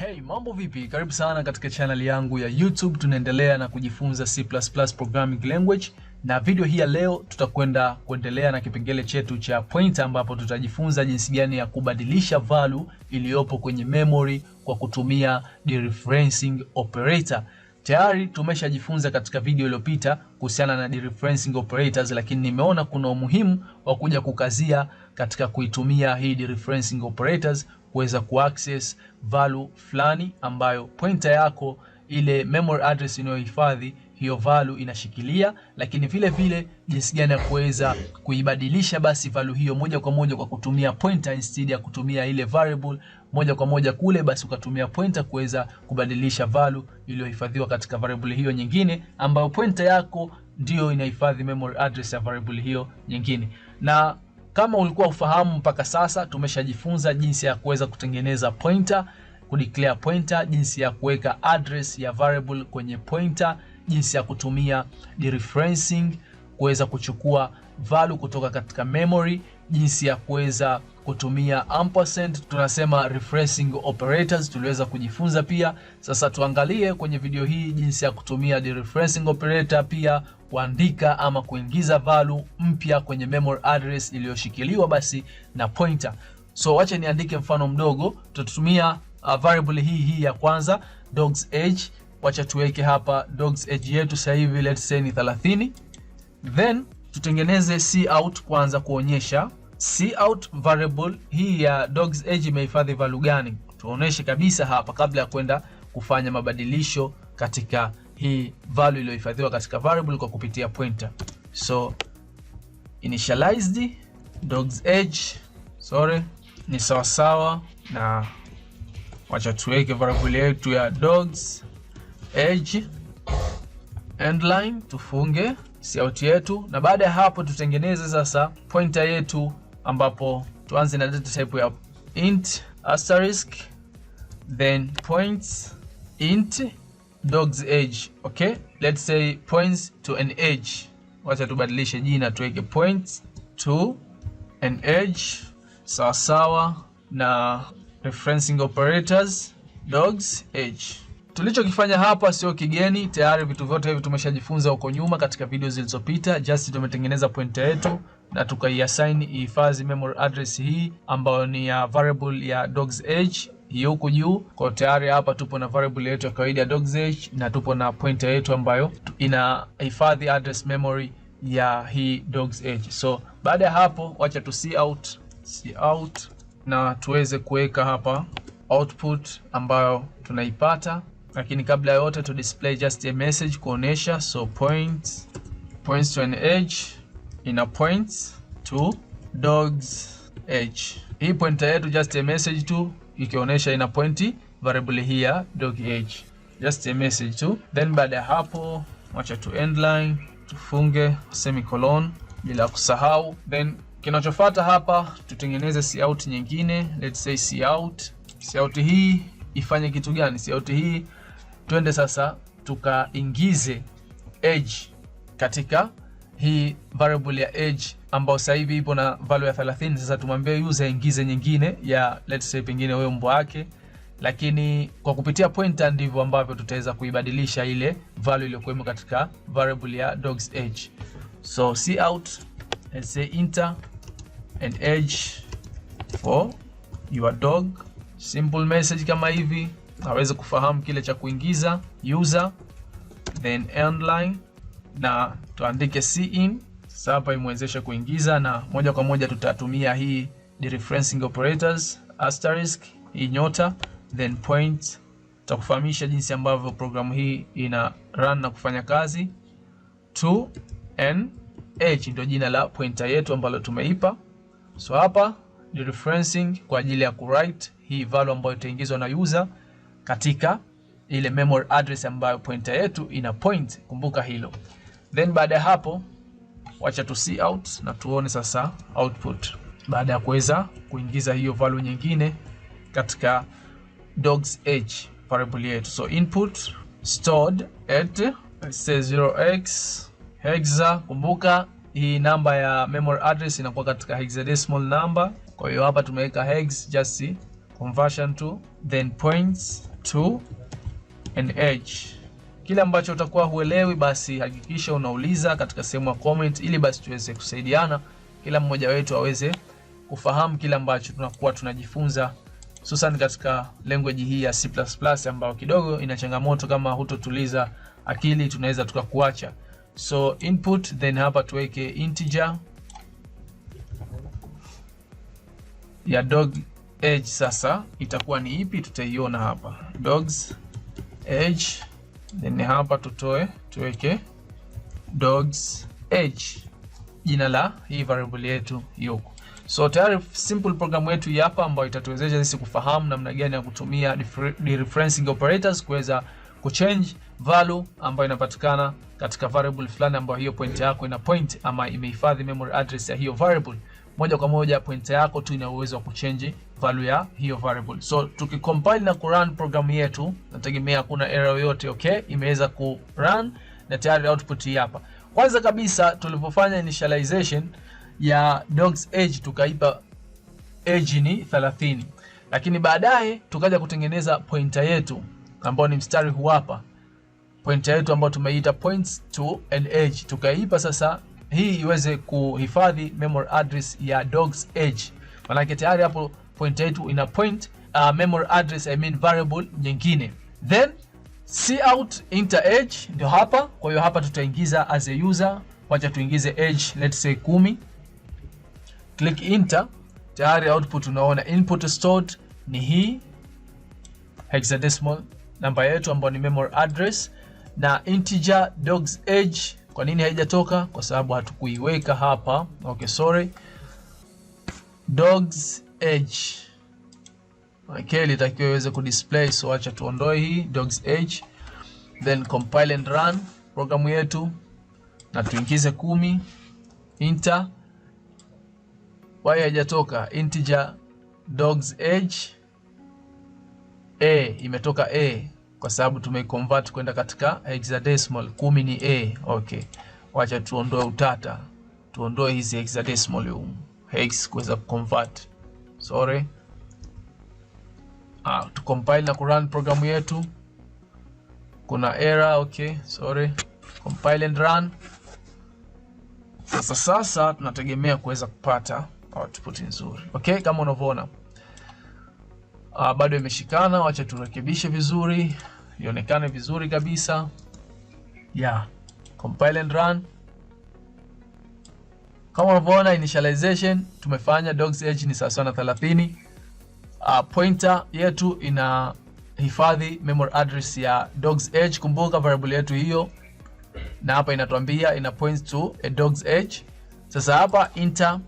Hey, mambo vipi? Karibu sana katika channel yangu ya YouTube. Tunaendelea na kujifunza C++ programming language, na video hii ya leo tutakwenda kuendelea na kipengele chetu cha pointer, ambapo tutajifunza jinsi gani ya kubadilisha value iliyopo kwenye memory kwa kutumia dereferencing operator. Tayari tumeshajifunza katika video iliyopita kuhusiana na dereferencing operators, lakini nimeona kuna umuhimu wa kuja kukazia katika kuitumia hii dereferencing operators kuweza kuaccess value fulani ambayo pointer yako ile memory address inayohifadhi hiyo value inashikilia, lakini vile vile jinsi gani ya kuweza kuibadilisha basi value hiyo moja kwa moja kwa kutumia pointer instead ya kutumia ile variable moja kwa moja kule, basi ukatumia pointer kuweza kubadilisha value iliyohifadhiwa katika variable hiyo nyingine, ambayo pointer yako ndiyo inahifadhi memory address ya variable hiyo nyingine na kama ulikuwa ufahamu mpaka sasa, tumeshajifunza jinsi ya kuweza kutengeneza pointer, kudeclare pointer, jinsi ya kuweka address ya variable kwenye pointer, jinsi ya kutumia dereferencing kuweza kuchukua value kutoka katika memory, jinsi ya kuweza kutumia ampersand, tunasema refreshing operators tuliweza kujifunza pia. Sasa tuangalie kwenye video hii jinsi ya kutumia the refreshing operator pia kuandika ama kuingiza value mpya kwenye memory address iliyoshikiliwa basi na pointer. So wacha niandike mfano mdogo, tutatumia uh, variable hii hii ya kwanza dogs age. Wacha tuweke hapa dogs age yetu sasa hivi let's say ni 30 then tutengeneze cout kwanza kuonyesha cout variable hii ya dogs age imehifadhi value gani, tuoneshe kabisa hapa kabla ya kwenda kufanya mabadilisho katika hii value iliyohifadhiwa katika variable kwa kupitia pointer. So initialized dogs age sorry, ni sawasawa na, wacha tuweke variable yetu ya dogs age endline, tufunge siauti yetu, na baada ya hapo tutengeneze sasa pointer yetu, ambapo tuanze na data type ya int asterisk then points int dog's age. Okay, let's say points to an age. Wacha tubadilishe jina tuweke points to an age sawasawa na referencing operators dogs age. Tulichokifanya hapa sio kigeni, tayari vitu vyote hivi tumeshajifunza huko nyuma katika video zilizopita. Just tumetengeneza pointer yetu na tukaiassign ihifadhi memory address hii ambayo ni ya variable ya dogs age hiyo huku juu. Kwa tayari hapa tupo na variable yetu ya kawaida ya dogs age na tupo na pointer yetu ambayo ina hifadhi address memory ya hii dogs age. So baada ya hapo, wacha tu see out, see out na tuweze kuweka hapa output ambayo tunaipata lakini kabla ya yote to display just a message, kuonesha. So point points to an edge ina point to dogs edge. Hii pointer yetu just a message tu ikionyesha ina point variable hii ya dog edge, just a message tu. Then baada ya hapo mwacha tu end line tufunge semicolon bila kusahau. Then kinachofuata hapa tutengeneze cout nyingine, let's say cout. Cout hii ifanye kitu gani? Cout hii Twende sasa tukaingize age katika hii variable ya age ambayo sasa hivi ipo na value ya 30. Sasa tumwambie user aingize nyingine ya let's say pengine huyo mbwa wake, lakini kwa kupitia pointer ndivyo ambavyo tutaweza kuibadilisha ile value iliyokuwemo katika variable ya dog's age. So cout and say enter and age for your dog, simple message kama hivi aweze kufahamu kile cha kuingiza user, then end line na tuandike cin. Sasa hapa imwezeshe kuingiza, na moja kwa moja tutatumia hii dereferencing operators asterisk, hii nyota, then point. Tutakufahamisha jinsi ambavyo programu hii ina run na kufanya kazi. to n h ndio jina la pointer yetu ambalo tumeipa. So hapa ni referencing kwa ajili ya kuwrite hii value ambayo itaingizwa na user katika ile memory address ambayo pointer yetu ina point. Kumbuka hilo. Then baada ya hapo, wacha tu see out na tuone sasa output baada ya kuweza kuingiza hiyo value nyingine katika dogs h variable yetu. So input stored at say 0x hexa. Kumbuka hii namba ya memory address inakuwa katika hexadecimal number, kwa hiyo hapa tumeweka hex just conversion to then points to and edge. Kile ambacho utakuwa huelewi, basi hakikisha unauliza katika sehemu ya comment, ili basi tuweze kusaidiana, kila mmoja wetu aweze kufahamu kile ambacho tunakuwa tunajifunza hususan katika language hii ya C++ ambayo kidogo ina changamoto, kama hutotuliza akili tunaweza tukakuacha. So input then hapa tuweke integer ya dog edge sasa itakuwa ni ipi? Tutaiona hapa dogs edge, then hapa tutoe tuweke dogs edge, jina la hii variable yetu yuko. So tayari simple program yetu hapa ambayo itatuwezesha sisi kufahamu namna gani ya kutumia dereferencing operators kuweza kuchange value ambayo inapatikana katika variable fulani ambayo hiyo point yako ina point ama imehifadhi memory address ya hiyo variable moja kwa moja pointer yako tu ina uwezo wa kuchange value ya hiyo variable. So tukicompile na kurun programu yetu, nategemea kuna error yoyote okay, imeweza kurun na tayari output hii hapa. Kwanza kabisa tulipofanya initialization ya dogs age tukaipa age ni 30, lakini baadaye tukaja kutengeneza pointer yetu ambao ni mstari huu hapa, pointer yetu ambayo tumeiita points to an age, tukaipa sasa hii iweze kuhifadhi memory address ya dogs age, manake tayari hapo pointer yetu ina point uh, memory address I mean variable nyingine, then cout enter age ndio hapa. Kwa hiyo hapa tutaingiza as a user, wacha tuingize age let's say kumi. click enter. Tayari output unaona, input stored ni hii hexadecimal namba yetu ambayo ni memory address na integer dogs age kwa nini haijatoka? Kwa sababu hatukuiweka hapa. Okay, sorry. Dogs Edge okay, litakiwa iweze display so acha tuondoe hii Dogs Edge, then compile and run programu yetu na tuingize kumi. Enter. Why haijatoka? Integer Dogs Edge a imetoka a kwa sababu tumeconvert kwenda katika hexadecimal. Kumi ni a. Okay, wacha tuondoe utata, tuondoe hizi hexadecimal huko hex kuweza kuconvert. Sorry, ah, to compile na kurun programu yetu, kuna error. Okay, sorry, compile and run. Sasa sasa tunategemea kuweza kupata output nzuri. Okay, kama unavyoona uh, bado imeshikana. Wacha turekebishe vizuri ionekane vizuri kabisa. Yeah, compile and run. Kama unavyoona initialization tumefanya dogs age ni sawa na 30. Uh, ah, pointer yetu ina hifadhi memory address ya dogs age. Kumbuka variable yetu hiyo, na hapa inatuambia ina points to a dogs age. Sasa hapa enter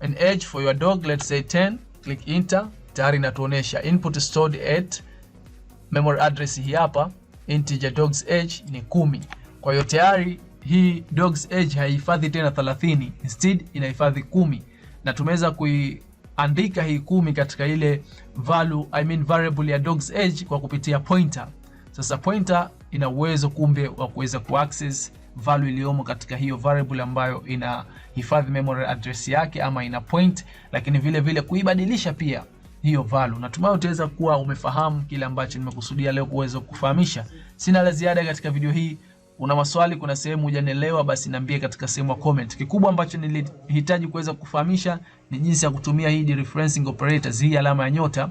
an age for your dog, let's say 10, click enter tayari inatuonesha input stored at memory address hii hapa integer dogs age ni kumi. Kwa hiyo tayari hii dogs age haihifadhi tena 30, instead inahifadhi kumi, na tumeweza kuiandika hii kumi katika ile value, I mean variable ya dogs age kwa kupitia pointer. Sasa pointer ina uwezo kumbe wa kuweza kuaccess value iliyomo katika hiyo variable ambayo inahifadhi memory address yake ama ina point, lakini vile vile kuibadilisha pia hiyo value. Natumai utaweza kuwa umefahamu kile ambacho nimekusudia leo kuweza kukufahamisha. Sina la ziada katika video hii. Una maswali, kuna sehemu hujanielewa, basi niambie katika sehemu ya comment. Kikubwa ambacho nilihitaji kuweza kukufahamisha ni jinsi ya kutumia hii dereferencing operators, hii alama ya nyota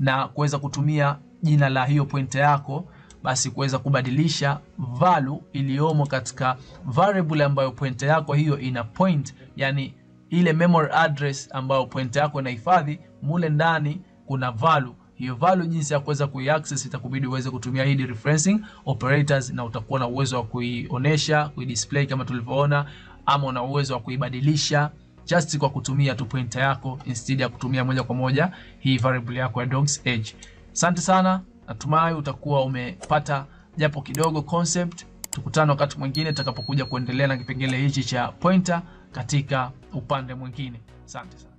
na kuweza kutumia jina la hiyo pointer yako basi kuweza kubadilisha value iliyomo katika variable ambayo pointer yako hiyo ina point, yani ile memory address ambayo pointer yako inahifadhi mule ndani kuna value hiyo value jinsi ya kuweza kuiaccess itakubidi uweze kutumia hii referencing operators, na utakuwa na uwezo wa kuionesha kuidisplay kama tulivyoona, ama una uwezo wa kuibadilisha just kwa kutumia tu pointer yako instead ya kutumia moja kwa moja hii variable yako ya dogs age. Asante sana, natumai utakuwa umepata japo kidogo concept Tukutane wakati mwingine tutakapokuja kuendelea na kipengele hichi cha pointer katika upande mwingine. Asante sana.